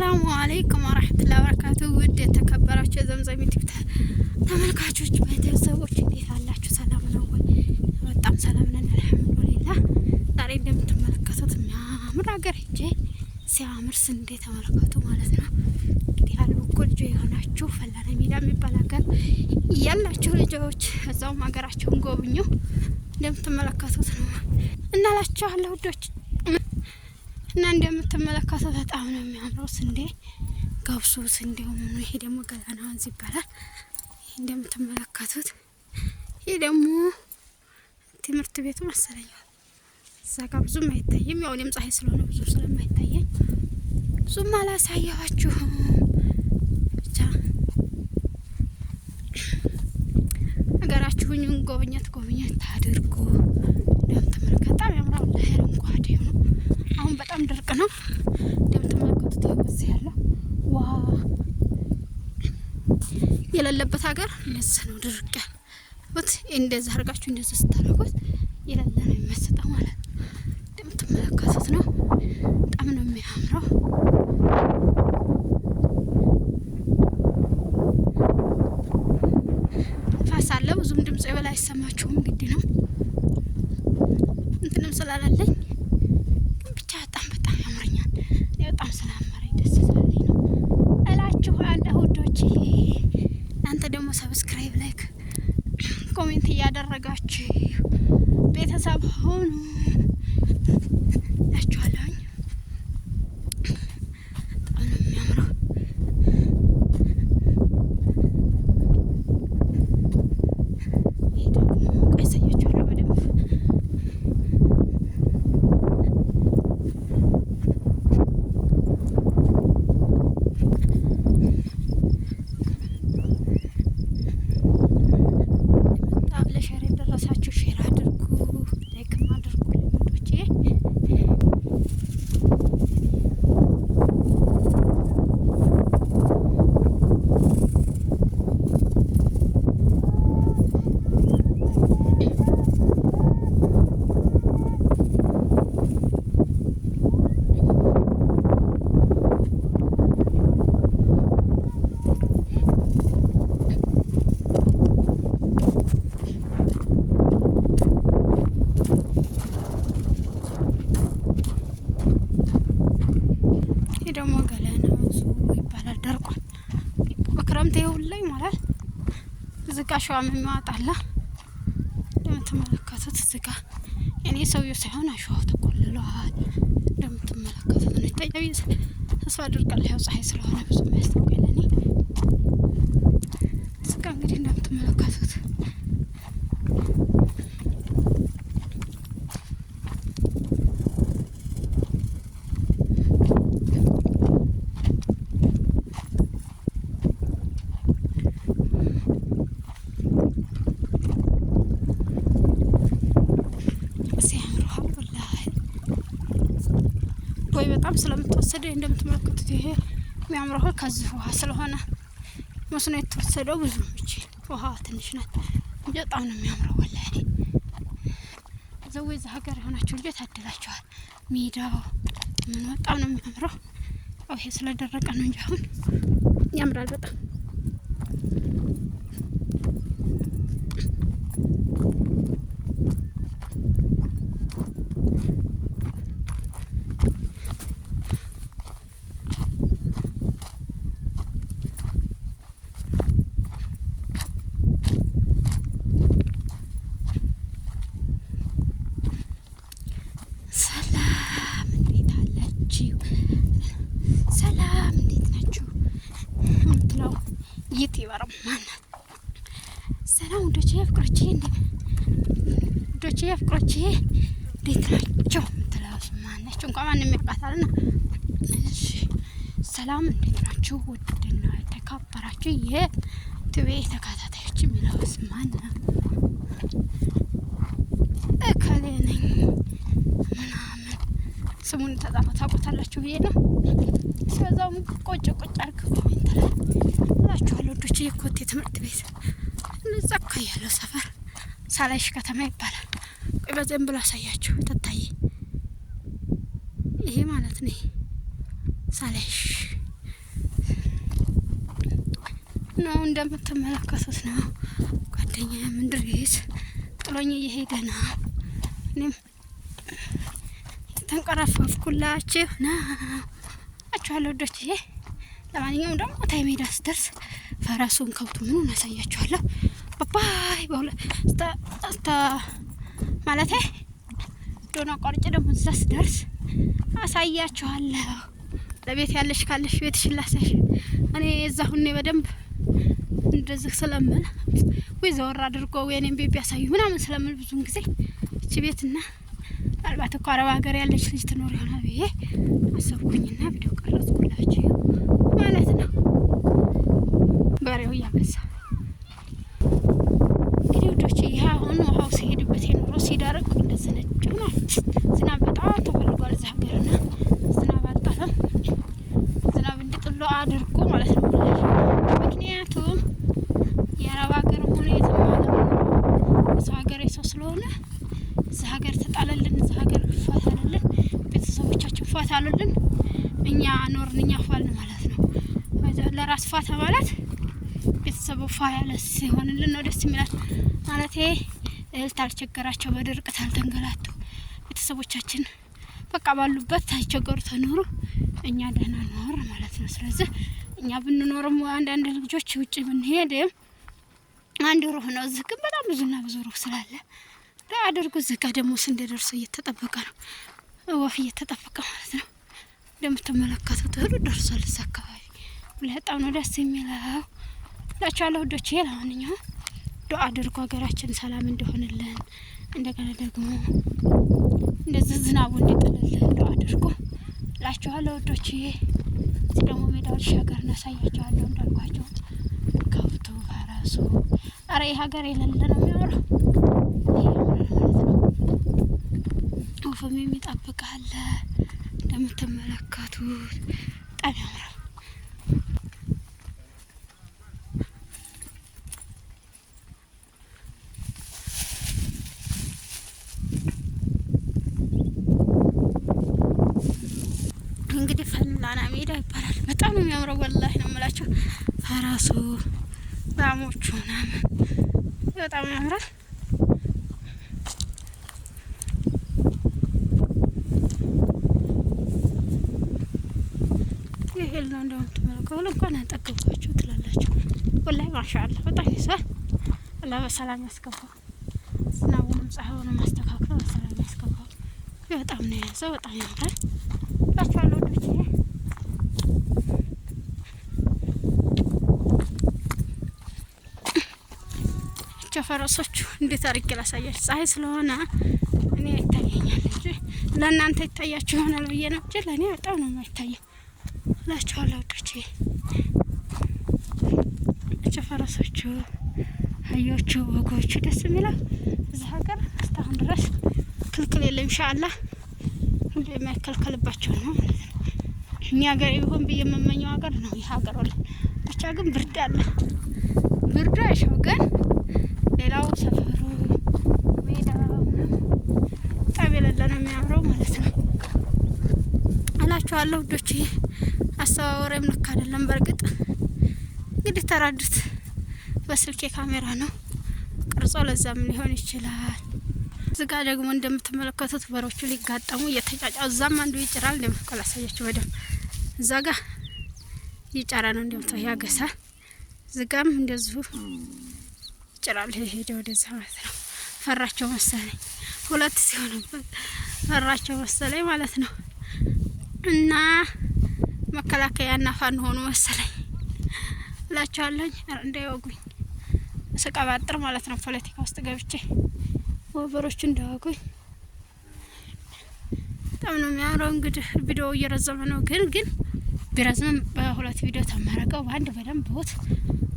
አሰላሙ አለይኩም ወራህመቱላሂ ወበረካቱ። ውድ የተከበራችሁ የዘምዘም ዩቲዩብ ተመልካቾች ቤተሰቦች እንዴት አላችሁ? ሰላም ነው ወይ? በጣም ሰላም ነን አልሐምዱሊላህ። ዛሬ እንደምትመለከቱት የሚያምር ሀገር ሄጄ ሲያምር ስንዴ ተመለከቱ ማለት ነው። እንግዲህ አሉ እኮ ልጆ የሆናችሁ ፈላነ ሜዳ የሚባል ሀገር ያላችሁ ልጆች እዛውም ሀገራችሁን ጎብኙ። እንደምትመለከቱት ነው እናላችኋለሁ ውዶች እና እንደምትመለከቱ በጣም ነው የሚያምረው። ስንዴ ገብሱ ስንዴው ምኑ። ይሄ ደግሞ ገላና ወንዝ ይባላል። ይሄ እንደምትመለከቱት ይሄ ደግሞ ትምህርት ቤቱ መሰለኛ እዛ ጋር ብዙም አይታይም። ያው እኔም ፀሐይ ስለሆነ ብዙ ስለማይታየኝ ብዙም አላሳየኋችሁም። ብቻ ሀገራችሁን ጎብኘት ጎብኘት አድርጉ። እንደምትመለከቱ በጣም ያምራል። ያለበት ሀገር እነዚህ ነው ድርቅ ያሉት። እንደዚህ አድርጋችሁ እንደዚህ ስታደርጉት የለለ ነው የሚመስጠው ማለት ነው። እንደምትመለከቱት ነው። በጣም ነው የሚያምረው። ንፋስ አለ። ብዙም ድምፅ በላይ አይሰማችሁም። ግድ ነው እንትንም ስላላለኝ ሰብስክራይብ፣ ላይክ፣ ኮሜንት እያደረጋችሁ ቤተሰብ ሆኑ። ዝጋ አሸዋም የሚዋጣላ እንደምትመለከቱት ዝጋ እኔ ሰውዬው ሳይሆን አሸዋው ተቆልለዋል። እንደምትመለከቱት ነው ይታያል። ተስፋ አድርጋለሁ ያው ፀሐይ ስለሆነ ብዙ የሚያስታውቀኝ ለእኔ ዝጋ እንግዲህ እንደምትመለከቱት በራም ስለምትወሰደ እንደምትመለከቱት ይሄ የሚያምረው ውሃ ከዚህ ውሃ ስለሆነ መስኖ የተወሰደው ብዙ ምች ውሃ ትንሽ ናት እንጂ በጣም ነው የሚያምረው። ወላሂ ዘዌ ዛ ሀገር የሆናቸው ልጆ ታድላችኋል። ሜዳው ምን በጣም ነው የሚያምረው። ያው ይሄ ስለደረቀ ነው እንጂ አሁን ያምራል በጣም ይት ይበረም ማናት ሰላም ዶቼ ፍቅሮቼ እንዴ ዶቼ ፍቅሮቼ እንዴት ናቸው የምትለዋል ማናቸው እንኳን ማንም ያውቃታልና እሺ ሰላም እንዴት ናችሁ ውድና የተከበራችሁ የትቤ ተከታታዮች የሚለዋል ማናት ታውቁታላችሁ ብዬ ነው። ስለዛውም ቆጭ ቆጭ አርግፎ ይንተላል እላችኋለሁ ወዶች። የኮቴ ትምህርት ቤት እነዛ እኮ ያለው ሰፈር ሳላይሽ ከተማ ይባላል። ቆይ በዘን ብሎ አሳያችሁ ትታይ ይሄ ማለት ነው ሳላይሽ ነው እንደምትመለከቱት ነው። ጓደኛ ምንድር ቤት ጥሎኝ እየሄደ ነው እኔም ተንቀረፈፍኩላችሁ ና አችኋለሁ ወዶች። ይሄ ለማንኛውም ደግሞ ታይ ሜዳ ስደርስ ፈረሱን ከብቱ ምኑን አሳያችኋለሁ። ባባይ በሁለስተ ማለት ዶና ቆርጭ ደግሞ እዛ ስደርስ አሳያችኋለሁ። ለቤት ያለሽ ካለሽ ቤትሽን ላሳይሽ። እኔ እዛ ሁኔ በደንብ እንደዚህ ስለምል ወይ ዘወር አድርጎ ወይኔም ቤት ቢያሳዩ ምናምን ስለምል ብዙን ጊዜ እች ቤትና ምናልባት እኮ አረብ ሀገር ያለች ልጅ ትኖር ይሆናል ብዬ አሰብኩኝና ቪዲዮ ቀረጽኩላችሁ ማለት ነው። በሬው እያበዛ እንግዲህ ውዶች፣ ይህ አሁን ውሃው ሲሄድበት የኑሮ ሲደርቅ እንደዚህ ነጭ ነው። ዝናብ በጣም ተፈልጓል እዛ ሀገርና ዝናብ አልጠፈም። ዝናብ እንዲጥሎ አድርጎ ማለት ነው። ምክንያቱም የአረብ ሀገር ሆነ የትም ሀገር ሰው ስለሆነ እዚህ ሀገር ተጣለልን ካሉልን እኛ ኖርን፣ እኛ ፋልን ማለት ነው። ለራስ ፋታ ማለት ቤተሰቡ ፋ ያለ ሲሆንልን ነው ደስ የሚላት ማለት እህል ታልቸገራቸው፣ በድርቅ ታልተንገላቱ ቤተሰቦቻችን በቃ ባሉበት ታልቸገሩ ተኖሩ፣ እኛ ደህና ኖር ማለት ነው። ስለዚህ እኛ ብንኖርም አንዳንድ ልጆች ውጭ ብንሄድም አንድ ሩህ ነው። እዚህ ግን በጣም ብዙና ብዙ ሩህ ስላለ አድርጉ። እዚህ ጋር ደግሞ ስንዴ ደርሶ እየተጠበቀ ነው። ወፍ እየተጠበቀ ማለት ነው። እንደምትመለከቱት እህሉ ደርሷል። እዛ አካባቢ በጣም ነው ደስ የሚለው ላችኋለሁ ውዶቼ። ለማንኛውም ዱአ አድርጎ ሀገራችን ሰላም እንደሆንልን እንደገና ደግሞ እንደዚህ ዝናቡ እንዲጥልልን ዱአ አድርጎ ላችኋለሁ ውዶቼ። እዚህ ደግሞ ሜዳዎች ሀገር እናሳያችኋለሁ እንዳልኳቸው ከብቱ ፈረሱ፣ አረ ይህ ሀገር የሌለ ነው የሚያምረው ዛፍም የሚጠብቃለ እንደምትመለከቱት በጣም ያምራል። እንግዲህ ፈላና ሜዳ ይባላል። በጣም ነው የሚያምረው። ወላሂ ነው የምላቸው ፈረሱ ላሞቹ ምናምን በጣም ያምራል። ይሄል ነው እንደምትመለከቱ። ከሁሉ እንኳን አጠገብኳችሁ ትላላችሁ። ወላሂ ማሻአላ በጣም ይሳል። አላህ በሰላም ያስገባው። ዝናቡንም ፀሐዩንም አስተካክሎ በሰላም ያስገባው። በጣም ነው የያዘው። በጣም ያምራል ባቸዋለ ወዶች ፈረሶቹ እንዴት አድርጌ ላሳያችሁ? ፀሐይ ስለሆነ እኔ ይታየኛል እንጂ ለእናንተ ይታያችሁ ይሆናል ብዬ ነው እንጂ ለእኔ በጣም ነው የማይታየው። እላችኋለሁ ወዶቼ። ነጭ ፈረሶቹ፣ አህዮቹ፣ በጎቹ ደስ የሚለው እዚህ ሀገር እስካሁን ድረስ ክልክል የለም። ኢንሻአላ ሁሉ የማይከልከልባቸው ነው ማለት ነው። እኛ ሀገር ቢሆን ብዬ የምመኘው ሀገር ነው ይህ ሀገር ወላ ብቻ ግን ብርድ አለ። ብርዱ አይሻው ግን ሌላው ሰፈሩ ሜዳ ጠብ የሌለ ነው የሚያምረው ማለት ነው እላችኋለሁ ወዶቼ። አስተባባሪም ልክ አይደለም። በእርግጥ እንግዲህ ተራዱት። በስልኬ ካሜራ ነው ቅርጾ፣ ለዛም ሊሆን ይችላል። እዚጋ ደግሞ እንደምትመለከቱት በሮቹ ሊጋጠሙ እየተጫጫ፣ እዛም አንዱ ይጭራል። እንደምትኮ ላሳያችሁ በደንብ እዛ ጋ ይጫራ ነው እንደምት ያገሳል። እዚጋም እንደዚሁ ይጭራል። ሄደ ወደዛ ማለት ነው። ፈራቸው መሰለኝ ሁለት ሲሆኑበት ፈራቸው መሰለኝ ማለት ነው እና መከላከያና ፋን ሆኑ መሰለኝ እላቸዋለኝ። እንዳይወጉኝ ስቀባጥር ማለት ነው ፖለቲካ ውስጥ ገብቼ ወበሮቹ እንዳይወጉኝ። በጣም ነው የሚያምረው። እንግዲህ ቪዲዮ እየረዘመ ነው፣ ግን ግን ቢረዝምም በሁለት ቪዲዮ ተማረቀው በአንድ በደንብ ቦት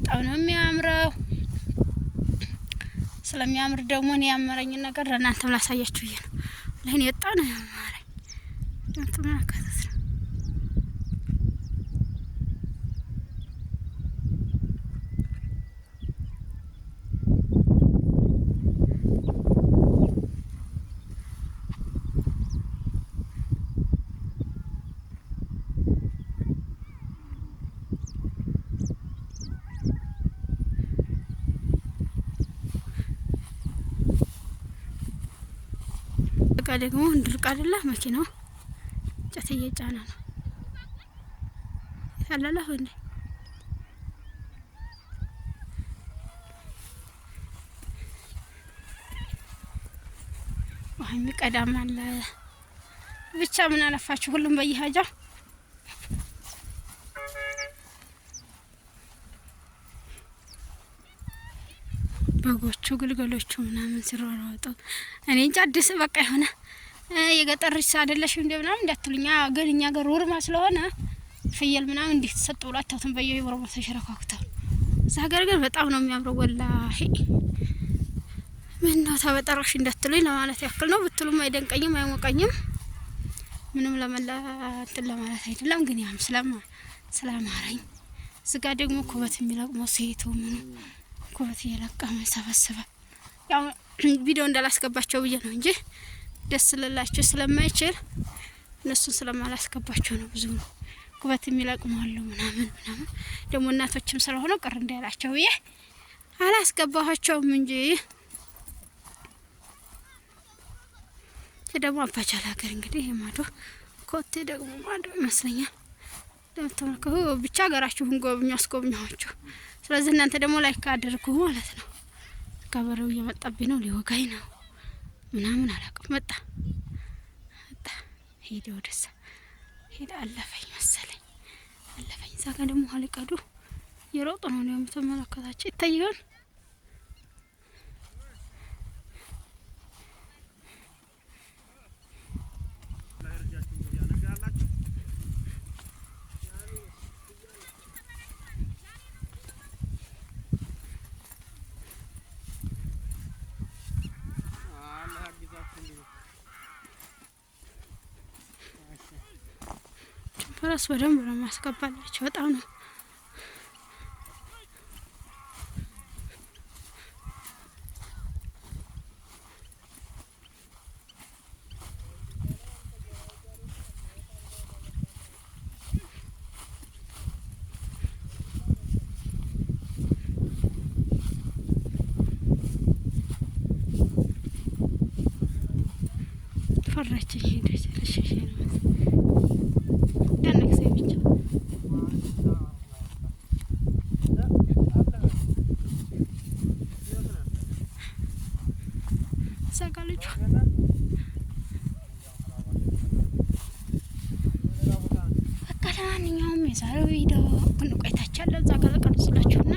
በጣም ነው የሚያምረው። ስለሚያምር ደግሞ እኔ ያመረኝን ነገር ለእናንተም ላሳያችሁ ብዬ ነው። ለእኔ በጣም ነው ያማረኝ። ደግሞ እንድርቅ አይደለ መኪናው እንጨት እየጫነ ነው ታላላ ሆነ የሚቀዳም አለ ብቻ ምን አለፋችሁ ሁሉም በየሀጃ በጎቹ ግልገሎቹ ምናምን ሲሯሯጡ እኔ እንጂ አዲስ በቃ የሆነ የገጠር ርሳ አይደለሽ እንደ ምናምን እንዳትሉኛ። ግን እኛ ገር ውርማ ስለሆነ ፍየል ምናምን እንዲህ ተሰጥ ብሎ አታቱን በየ ቦረቦ ተሸረካኩተው እዛ ሀገር ግን በጣም ነው የሚያምረው። ወላሂ ምን ነው ተበጠረሽ እንዳትሉኝ ለማለት ያክል ነው። ብትሉም አይደንቀኝም አይሞቀኝም። ምንም ለመላ ለማለት አይደለም። ግን ያም ስለማ ስለማረኝ እዚጋ ደግሞ ኩበት የሚለቅመው ሴቱ ምኑ ኩበት እየለቀመ ሰበሰበ። ያው ቪዲዮ እንዳላስገባቸው ብዬ ነው እንጂ ደስ ልላቸው ስለማይችል እነሱን ስለማላስገባቸው ነው። ብዙ ነው ኩበት የሚለቅማሉ ምናምን ምናምን፣ ደግሞ እናቶችም ስለሆነ ቅር እንዳይላቸው ብዬ አላስገባኋቸውም እንጂ ደግሞ አባጃል ሀገር እንግዲህ የማዶ ኮቴ ደግሞ ማዶ ይመስለኛል ለምትመለከቱ ብቻ ሀገራችሁን ጎብኙ፣ አስጎብኘዋችሁ ስለዚህ እናንተ ደግሞ ላይክ አድርጉ ማለት ነው። ከበረው እየመጣብኝ ነው፣ ሊወጋኝ ነው ምናምን አላውቅም። መጣ መጣ፣ ሄደ፣ ወደዛ ሄደ፣ አለፈኝ መሰለኝ፣ አለፈኝ። እዛ ጋ ደግሞ ሀሊቀዱ የሮጡ ነው የምትመለከታቸው ይታያል። ራሱ በደንብ ነው የሚያስገባላቸው። በጣም ነው ፈራችኝ ሄደች በዛሬው ቪዲዮ ቡን ቆይታችን ለዛ ጋር ቀርጽላችሁና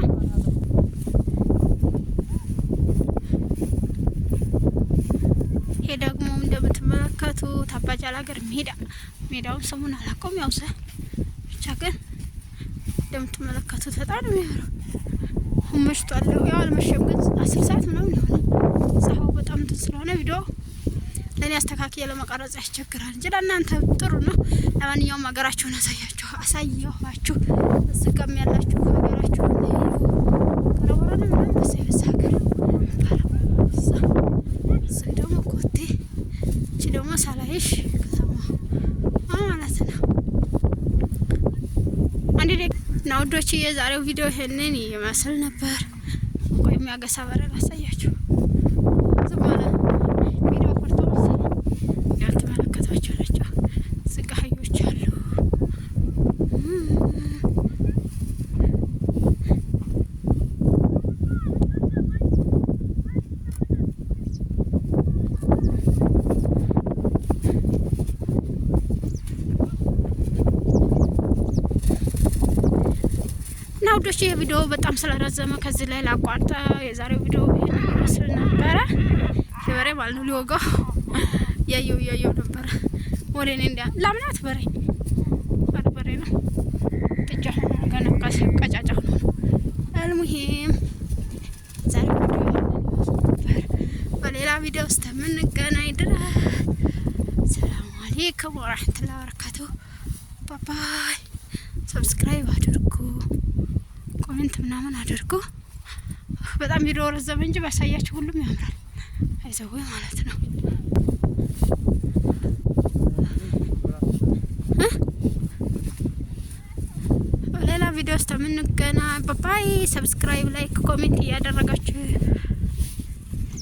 ይሄ ደግሞ እንደምትመለከቱት አባጃል ሀገር ሜዳ ሜዳውን ስሙን አላውቀውም። ያው ሰ ብቻ ግን እንደምትመለከቱት በጣም ነው የሚያምረው። መሽቷል። ያው አልመሸም ግን አስር ሰዓት ምናምን ሆነ። ፀሐዩ በጣም እንትን ስለሆነ ቪዲዮ ለእኔ አስተካክዬ ለመቀረጽ ያስቸግራል እንጂ ለእናንተ ጥሩ ነው። ለማንኛውም ሀገራችሁን አሳያችሁ አሳየኋችሁ። ጋም ያላችሁ ሀገራችሁ ደግሞ ኮቴ እቺ ደግሞ ሳላይሽ ከተማ ማለት ነው። አንድ ውዶች የዛሬው ቪዲዮ ይህንን ይመስል ነበር። ቆይ የሚያገሳ በረር አሳያ ውዶች ይህ ቪዲዮ በጣም ስለረዘመ ከዚህ ላይ ላቋርጠ። የዛሬው ቪዲዮ ይህን ይመስል ነበረ። ሽበሬ ማለት ነው ሊወጋው እያየው እያየው ነበረ። ወሬኔ እንዲያ ላምናት በሬ በሬ ነው ጥጃ ሆኖ ገና ቀጫጫ ሆኖ አልሙሂም ዛሬው ቪዲዮ በሌላ ቪዲዮ ውስጥ እስከምንገናኝ ድረስ ሰላም አሌይኩም ወረሕመቱላሂ ወበረካቱ ባባይ ሰብስክራይብ አድርጉ። ኮሜንት ምናምን አድርጎ በጣም ቪዲዮ ረዘመ እንጂ ባሳያችሁ ሁሉም ያምራል። አይዘዌ ማለት ነው። ሌላ ቪዲዮ ውስጥ የምንገና ባባይ። ሰብስክራይብ፣ ላይክ፣ ኮሜንት እያደረጋችሁ